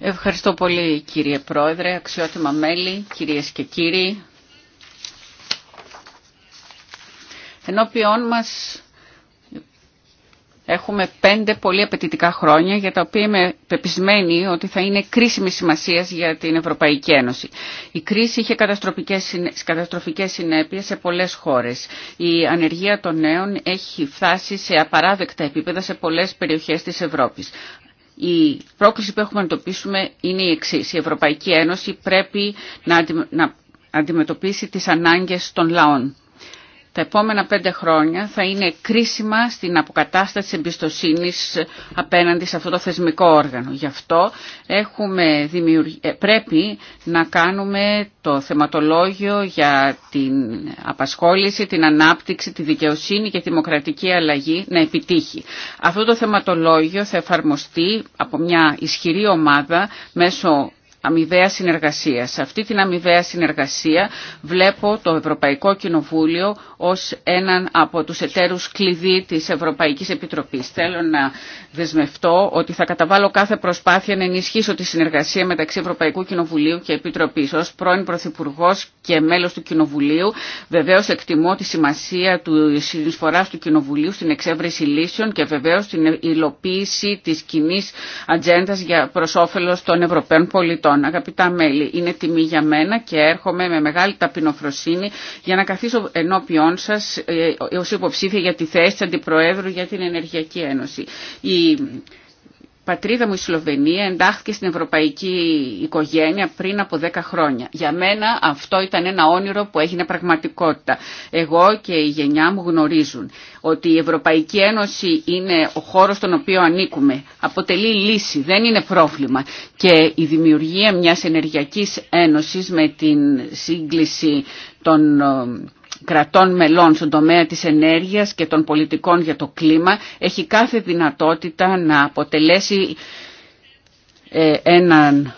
Ευχαριστώ πολύ κύριε Πρόεδρε, αξιότιμα μέλη, κυρίες και κύριοι. Ενώπιόν μας έχουμε πέντε πολύ απαιτητικά χρόνια για τα οποία είμαι πεπισμένη ότι θα είναι κρίσιμη σημασία για την Ευρωπαϊκή Ένωση. Η κρίση είχε καταστροφικές συνέπειες σε πολλές χώρες. Η ανεργία των νέων έχει φτάσει σε απαράδεκτα επίπεδα σε πολλές περιοχές της Ευρώπης η πρόκληση που έχουμε να αντιμετωπίσουμε είναι η εξή. Η Ευρωπαϊκή Ένωση πρέπει να αντιμετωπίσει τις ανάγκες των λαών τα επόμενα πέντε χρόνια θα είναι κρίσιμα στην αποκατάσταση εμπιστοσύνης απέναντι σε αυτό το θεσμικό όργανο. Γι' αυτό έχουμε ε, πρέπει να κάνουμε το θεματολόγιο για την απασχόληση, την ανάπτυξη, τη δικαιοσύνη και τη δημοκρατική αλλαγή να επιτύχει. Αυτό το θεματολόγιο θα εφαρμοστεί από μια ισχυρή ομάδα μέσω αμοιβαία συνεργασία. Σε αυτή την αμοιβαία συνεργασία βλέπω το Ευρωπαϊκό Κοινοβούλιο ως έναν από τους εταίρους κλειδί της Ευρωπαϊκής Επιτροπής. Θέλω να δεσμευτώ ότι θα καταβάλω κάθε προσπάθεια να ενισχύσω τη συνεργασία μεταξύ Ευρωπαϊκού Κοινοβουλίου και Επιτροπής. Ως πρώην Πρωθυπουργό και μέλος του Κοινοβουλίου βεβαίως εκτιμώ τη σημασία του συνεισφοράς του Κοινοβουλίου στην εξέβρεση λύσεων και βεβαίως την υλοποίηση της κοινή ατζέντα για προς των Ευρωπαίων πολιτών. Λοιπόν, αγαπητά μέλη, είναι τιμή για μένα και έρχομαι με μεγάλη ταπεινοφροσύνη για να καθίσω ενώπιόν σας ε, ω υποψήφια για τη θέση της Αντιπροέδρου για την Ενεργειακή Ένωση. Η πατρίδα μου η Σλοβενία εντάχθηκε στην ευρωπαϊκή οικογένεια πριν από 10 χρόνια. Για μένα αυτό ήταν ένα όνειρο που έγινε πραγματικότητα. Εγώ και η γενιά μου γνωρίζουν ότι η Ευρωπαϊκή Ένωση είναι ο χώρος στον οποίο ανήκουμε. Αποτελεί λύση, δεν είναι πρόβλημα. Και η δημιουργία μιας ενεργειακής ένωσης με την σύγκληση των κρατών μελών στον τομέα της ενέργειας και των πολιτικών για το κλίμα έχει κάθε δυνατότητα να αποτελέσει ε, έναν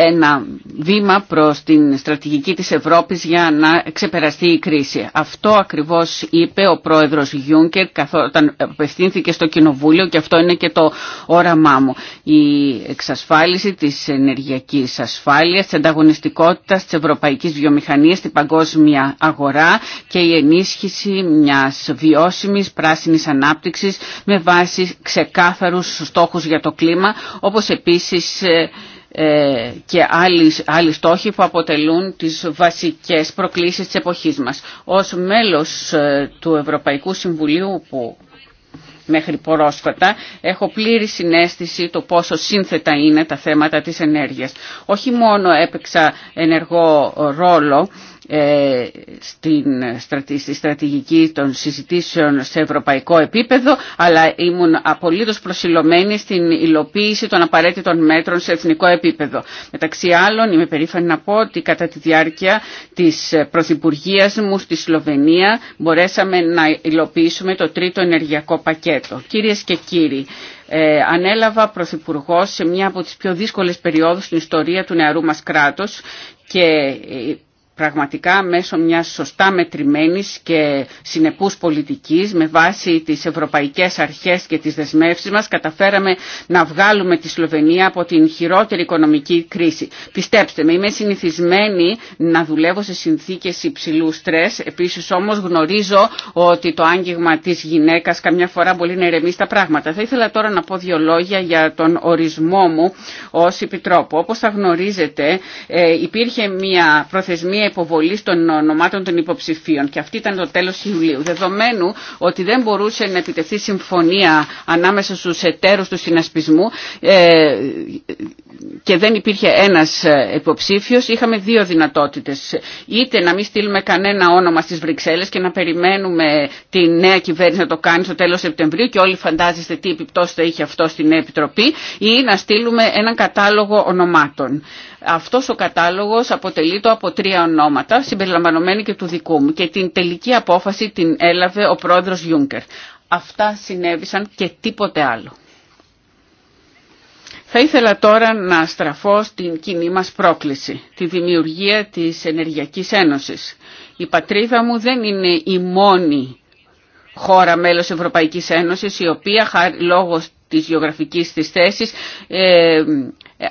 ένα βήμα προς την στρατηγική της Ευρώπης για να ξεπεραστεί η κρίση. Αυτό ακριβώς είπε ο πρόεδρος Γιούνκερ όταν απευθύνθηκε στο Κοινοβούλιο και αυτό είναι και το όραμά μου. Η εξασφάλιση της ενεργειακής ασφάλειας, της ανταγωνιστικότητας της ευρωπαϊκής βιομηχανίας στην παγκόσμια αγορά και η ενίσχυση μιας βιώσιμης πράσινης ανάπτυξης με βάση ξεκάθαρους στόχους για το κλίμα, όπως επίσης ε, ε, και άλλοι, άλλοι στόχοι που αποτελούν τις βασικές προκλήσεις της εποχής μας. Ως μέλος ε, του Ευρωπαϊκού Συμβουλίου που μέχρι πρόσφατα, έχω πλήρη συνέστηση το πόσο σύνθετα είναι τα θέματα της ενέργειας. Όχι μόνο έπαιξα ενεργό ρόλο ε, στη στρατηγική των συζητήσεων σε ευρωπαϊκό επίπεδο αλλά ήμουν απολύτως προσιλωμένη στην υλοποίηση των απαραίτητων μέτρων σε εθνικό επίπεδο. Μεταξύ άλλων είμαι περήφανη να πω ότι κατά τη διάρκεια της Πρωθυπουργία μου στη Σλοβενία μπορέσαμε να υλοποιήσουμε το τρίτο ενεργειακό πακέτο. Κυρίες και κύριοι, ε, ανέλαβα Πρωθυπουργό σε μια από τις πιο δύσκολες περιόδους στην ιστορία του νεαρού μας κράτου και ε, πραγματικά μέσω μιας σωστά μετρημένης και συνεπούς πολιτικής με βάση τις ευρωπαϊκές αρχές και τις δεσμεύσεις μας καταφέραμε να βγάλουμε τη Σλοβενία από την χειρότερη οικονομική κρίση. Πιστέψτε με, είμαι συνηθισμένη να δουλεύω σε συνθήκες υψηλού στρες, επίσης όμως γνωρίζω ότι το άγγιγμα της γυναίκας καμιά φορά μπορεί να ηρεμεί τα πράγματα. Θα ήθελα τώρα να πω δύο λόγια για τον ορισμό μου ως επιτρόπο. Όπως θα γνωρίζετε ε, υπήρχε μια προθεσμία υποβολή των ονομάτων των υποψηφίων και αυτή ήταν το τέλο Ιουλίου. Δεδομένου ότι δεν μπορούσε να επιτεθεί συμφωνία ανάμεσα στου εταίρου του συνασπισμού, ε, και δεν υπήρχε ένας ε, υποψήφιος, είχαμε δύο δυνατότητες. Είτε να μην στείλουμε κανένα όνομα στις Βρυξέλλες και να περιμένουμε τη νέα κυβέρνηση να το κάνει στο τέλος Σεπτεμβρίου και όλοι φαντάζεστε τι επιπτώσεις θα είχε αυτό στην Επιτροπή ή να στείλουμε έναν κατάλογο ονομάτων. Αυτός ο κατάλογος αποτελείται από τρία ονόματα, συμπεριλαμβανομένοι και του δικού μου και την τελική απόφαση την έλαβε ο πρόεδρος Γιούγκερ. Αυτά συνέβησαν και τίποτε άλλο. Θα ήθελα τώρα να στραφώ στην κοινή μας πρόκληση, τη δημιουργία της Ενεργειακής Ένωσης. Η πατρίδα μου δεν είναι η μόνη χώρα μέλος Ευρωπαϊκής Ένωσης, η οποία λόγω της γεωγραφικής της θέσης ε,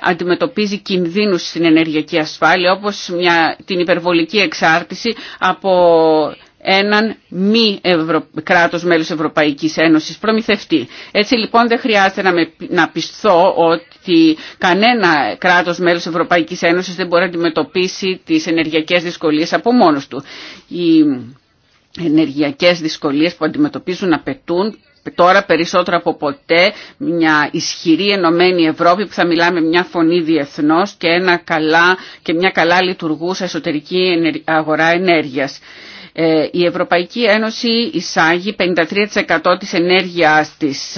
αντιμετωπίζει κινδύνους στην ενεργειακή ασφάλεια όπως μια, την υπερβολική εξάρτηση από έναν μη Ευρω... κράτος μέλος Ευρωπαϊκής Ένωσης προμηθευτή. Έτσι λοιπόν δεν χρειάζεται να, με... πιστώ ότι κανένα κράτος μέλος Ευρωπαϊκής Ένωσης δεν μπορεί να αντιμετωπίσει τις ενεργειακές δυσκολίες από μόνος του. Οι ενεργειακές δυσκολίες που αντιμετωπίζουν απαιτούν τώρα περισσότερο από ποτέ μια ισχυρή ενωμένη Ευρώπη που θα μιλά με μια φωνή διεθνώς και, και μια καλά λειτουργούσα εσωτερική αγορά ενέργειας. Ε, η Ευρωπαϊκή Ένωση εισάγει 53% της ενέργειάς της.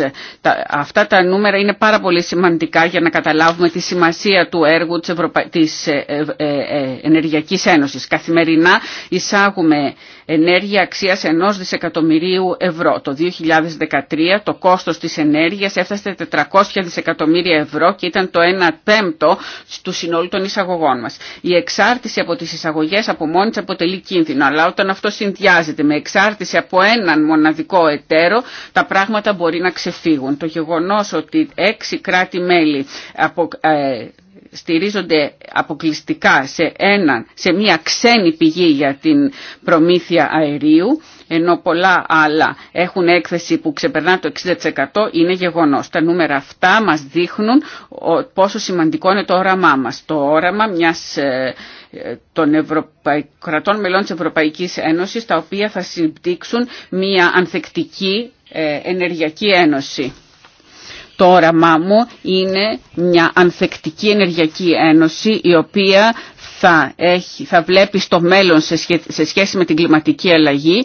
αυτά τα νούμερα είναι πάρα πολύ σημαντικά για να καταλάβουμε τη σημασία του έργου της, Ευρωπα... της ε, ε, Ενεργειακής Ένωσης. Καθημερινά εισάγουμε ενέργεια αξίας 1 δισεκατομμυρίου ευρώ. Το 2013 το κόστος της ενέργειας έφτασε 400 δισεκατομμύρια ευρώ και ήταν το 1 πέμπτο του συνόλου των εισαγωγών μας. Η εξάρτηση από τις εισαγωγές από μόνη αποτελεί κίνδυνο, αλλά όταν αυτό συνδυάζεται με εξάρτηση από έναν μοναδικό εταίρο, τα πράγματα μπορεί να ξεφύγουν. Το γεγονός ότι έξι κράτη-μέλη ε, στηρίζονται αποκλειστικά σε, σε μια ξένη πηγή για την προμήθεια αερίου, ενώ πολλά άλλα έχουν έκθεση που ξεπερνά το 60% είναι γεγονός. Τα νούμερα αυτά μας δείχνουν πόσο σημαντικό είναι το όραμά μας. Το όραμα μιας ε, των κρατών μελών της Ευρωπαϊκής Ένωσης, τα οποία θα συμπτύξουν μια ανθεκτική ε, ενεργειακή ένωση το όραμά μου είναι μια ανθεκτική ενεργειακή ένωση η οποία θα, έχει, θα βλέπει στο μέλλον σε, σχέση με την κλιματική αλλαγή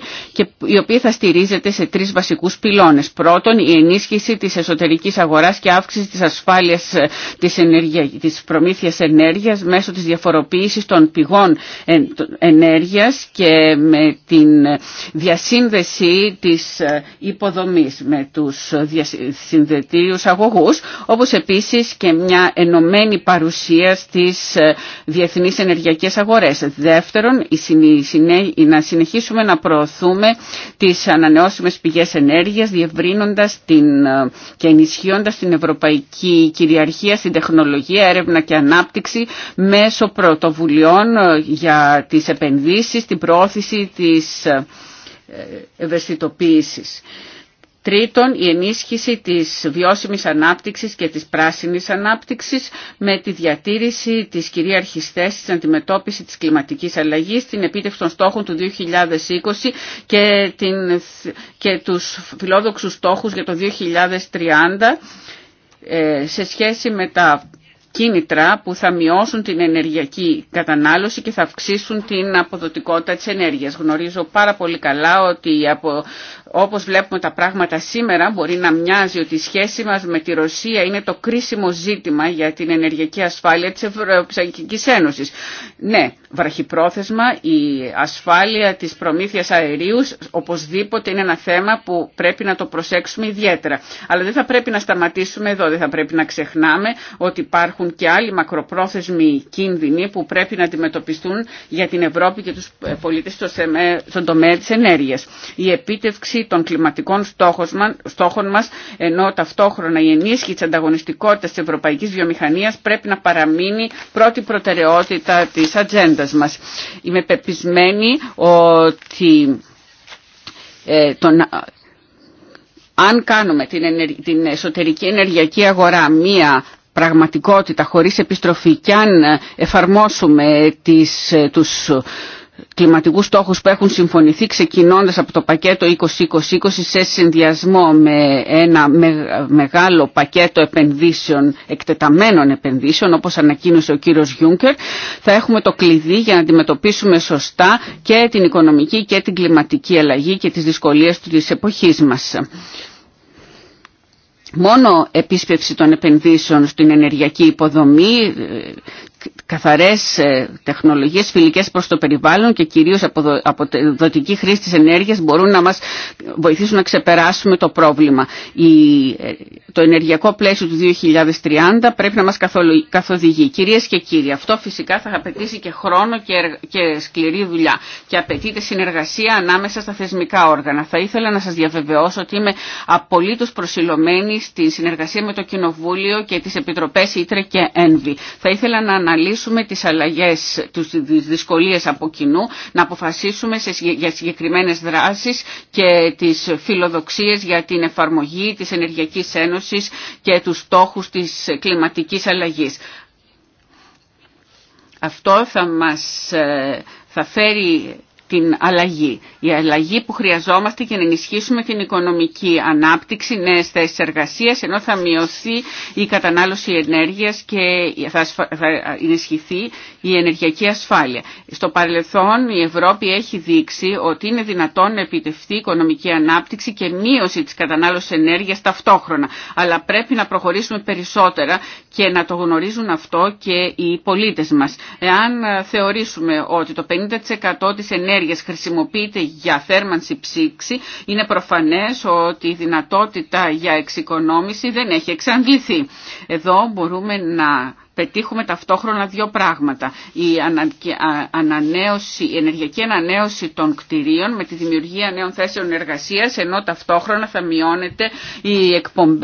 η οποία θα στηρίζεται σε τρεις βασικούς πυλώνες. Πρώτον, η ενίσχυση της εσωτερικής αγοράς και αύξηση της ασφάλειας ε, της, ενέργεια, της προμήθειας ενέργειας μέσω της διαφοροποίησης των πηγών ενέργειας και με την ε, διασύνδεση της ε, υποδομής με τους συνδετήριους αγωγούς, όπως επίσης και μια ενωμένη παρουσία στις διεθνείς ενεργειακές αγορές. Δεύτερον, να συνεχίσουμε να προωθούμε τις ανανεώσιμες πηγές ενέργειας, διευρύνοντας την, ε, και ενισχύοντας την ευρωπαϊκή κυριαρχία στην τεχνολογία, έρευνα και ανάπτυξη μέσω πρωτοβουλειών ε, για τις επενδύσεις, την προώθηση της ε, ευαισθητοποίησης. Τρίτον, η ενίσχυση της βιώσιμης ανάπτυξης και της πράσινης ανάπτυξης με τη διατήρηση της κυρίαρχης θέσης στην αντιμετώπιση της κλιματικής αλλαγής, την επίτευξη των στόχων του 2020 και, την, και τους φιλόδοξους στόχους για το 2030 ε, σε σχέση με τα κίνητρα που θα μειώσουν την ενεργειακή κατανάλωση και θα αυξήσουν την αποδοτικότητα της ενέργειας. Γνωρίζω πάρα πολύ καλά ότι από όπως βλέπουμε τα πράγματα σήμερα μπορεί να μοιάζει ότι η σχέση μας με τη Ρωσία είναι το κρίσιμο ζήτημα για την ενεργειακή ασφάλεια της Ευρωπαϊκής Ένωσης. Ναι, βραχυπρόθεσμα, η ασφάλεια της προμήθειας αερίου οπωσδήποτε είναι ένα θέμα που πρέπει να το προσέξουμε ιδιαίτερα. Αλλά δεν θα πρέπει να σταματήσουμε εδώ, δεν θα πρέπει να ξεχνάμε ότι υπάρχουν και άλλοι μακροπρόθεσμοι κίνδυνοι που πρέπει να αντιμετωπιστούν για την Ευρώπη και τους πολίτες στον τομέα της ενέργειας. Η επίτευξη των κλιματικών στόχων μας, ενώ ταυτόχρονα η ενίσχυση τη ανταγωνιστικότητας της ευρωπαϊκής βιομηχανίας πρέπει να παραμείνει πρώτη προτεραιότητα της ατζέντα μας. Είμαι πεπισμένη ότι ε, τον, αν κάνουμε την, εσωτερική ενεργειακή αγορά μία πραγματικότητα χωρίς επιστροφή και αν ε, εφαρμόσουμε τις, ε, τους κλιματικούς στόχους που έχουν συμφωνηθεί ξεκινώντας από το πακέτο 2020 σε συνδυασμό με ένα μεγάλο πακέτο επενδύσεων, εκτεταμένων επενδύσεων όπως ανακοίνωσε ο κύριος Γιούνκερ θα έχουμε το κλειδί για να αντιμετωπίσουμε σωστά και την οικονομική και την κλιματική αλλαγή και τις δυσκολίες της εποχής μας. Μόνο επίσπευση των επενδύσεων στην ενεργειακή υποδομή, καθαρές ε, τεχνολογίες φιλικές προς το περιβάλλον και κυρίως από δοτική χρήση της ενέργειας μπορούν να μας βοηθήσουν να ξεπεράσουμε το πρόβλημα. Ε, το ενεργειακό πλαίσιο του 2030 πρέπει να μας καθοδηγεί. Κυρίες και κύριοι, αυτό φυσικά θα απαιτήσει και χρόνο και σκληρή δουλειά και απαιτείται συνεργασία ανάμεσα στα θεσμικά όργανα. Θα ήθελα να σας διαβεβαιώσω ότι είμαι απολύτως προσιλωμένη στη συνεργασία με το Κοινοβούλιο και τις Επιτροπές Ήτρε και Ένβη. Θα ήθελα να αναλύσουμε τις αλλαγές, τις δυσκολίες από κοινού, να αποφασίσουμε για συγκεκριμένες δράσεις και τις φιλοδοξίες για την εφαρμογή της Ενεργειακής Ένωσης και τους στόχους της κλιματικής αλλαγής. Αυτό θα μας ε, θα φέρει την αλλαγή. Η αλλαγή που χρειαζόμαστε για να ενισχύσουμε την οικονομική ανάπτυξη, νέε θέσει εργασία, ενώ θα μειωθεί η κατανάλωση ενέργεια και θα ενισχυθεί η ενεργειακή ασφάλεια. Στο παρελθόν η Ευρώπη έχει δείξει ότι είναι δυνατόν να επιτευχθεί οικονομική ανάπτυξη και μείωση τη κατανάλωση ενέργεια ταυτόχρονα. Αλλά πρέπει να προχωρήσουμε περισσότερα και να το γνωρίζουν αυτό και οι πολίτε μα. Εάν θεωρήσουμε ότι το 50% τη ενέργεια ενέργειας χρησιμοποιείται για θέρμανση ψήξη, είναι προφανές ότι η δυνατότητα για εξοικονόμηση δεν έχει εξαντληθεί. Εδώ μπορούμε να πετύχουμε ταυτόχρονα δύο πράγματα. Η, ανανέωση, ενεργειακή ανανέωση των κτηρίων με τη δημιουργία νέων θέσεων εργασίας, ενώ ταυτόχρονα θα, μειώνεται η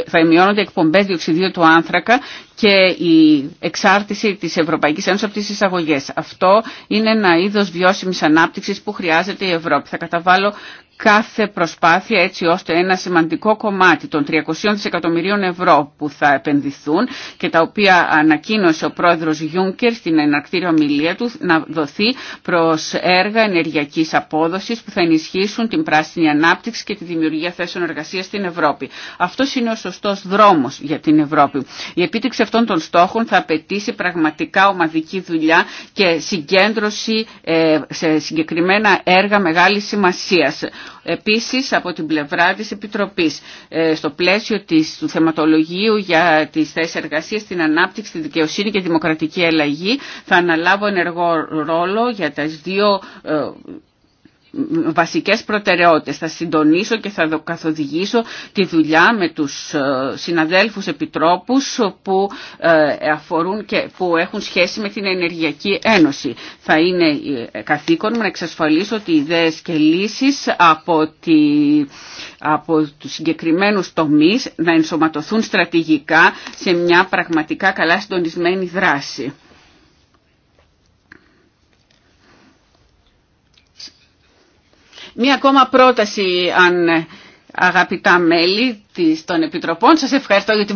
θα μειώνονται οι εκπομπές διοξιδίου του άνθρακα και η εξάρτηση της Ευρωπαϊκής Ένωσης από τις εισαγωγές. Αυτό είναι ένα είδος βιώσιμης ανάπτυξης που χρειάζεται η Ευρώπη. Θα καταβάλω κάθε προσπάθεια έτσι ώστε ένα σημαντικό κομμάτι των 300 δισεκατομμυρίων ευρώ που θα επενδυθούν και τα οποία ανακοίνωσε ο πρόεδρος Γιούνκερ στην εναρκτήρια ομιλία του να δοθεί προς έργα ενεργειακής απόδοσης που θα ενισχύσουν την πράσινη ανάπτυξη και τη δημιουργία θέσεων εργασίας στην Ευρώπη. Αυτό είναι ο σωστός δρόμος για την Ευρώπη. Η επίτευξη αυτών των στόχων θα απαιτήσει πραγματικά ομαδική δουλειά και συγκέντρωση ε, σε συγκεκριμένα έργα μεγάλης σημασίας. Επίσης από την πλευρά της Επιτροπής ε, στο πλαίσιο της, του θεματολογίου για τις θέσεις εργασίας, την ανάπτυξη, τη δικαιοσύνη και τη δημοκρατική αλλαγή θα αναλάβω ενεργό ρόλο για τις δύο ε, βασικές προτεραιότητες. Θα συντονίσω και θα καθοδηγήσω τη δουλειά με τους ε, συναδέλφους επιτρόπους που, ε, αφορούν και που έχουν σχέση με την Ενεργειακή Ένωση. Θα είναι ε, καθήκον μου να εξασφαλίσω ότι οι ιδέες και λύσεις από, τη, από τους συγκεκριμένους τομείς να ενσωματωθούν στρατηγικά σε μια πραγματικά καλά συντονισμένη δράση. Μία ακόμα πρόταση, αν αγαπητά μέλη των Επιτροπών, σας ευχαριστώ για την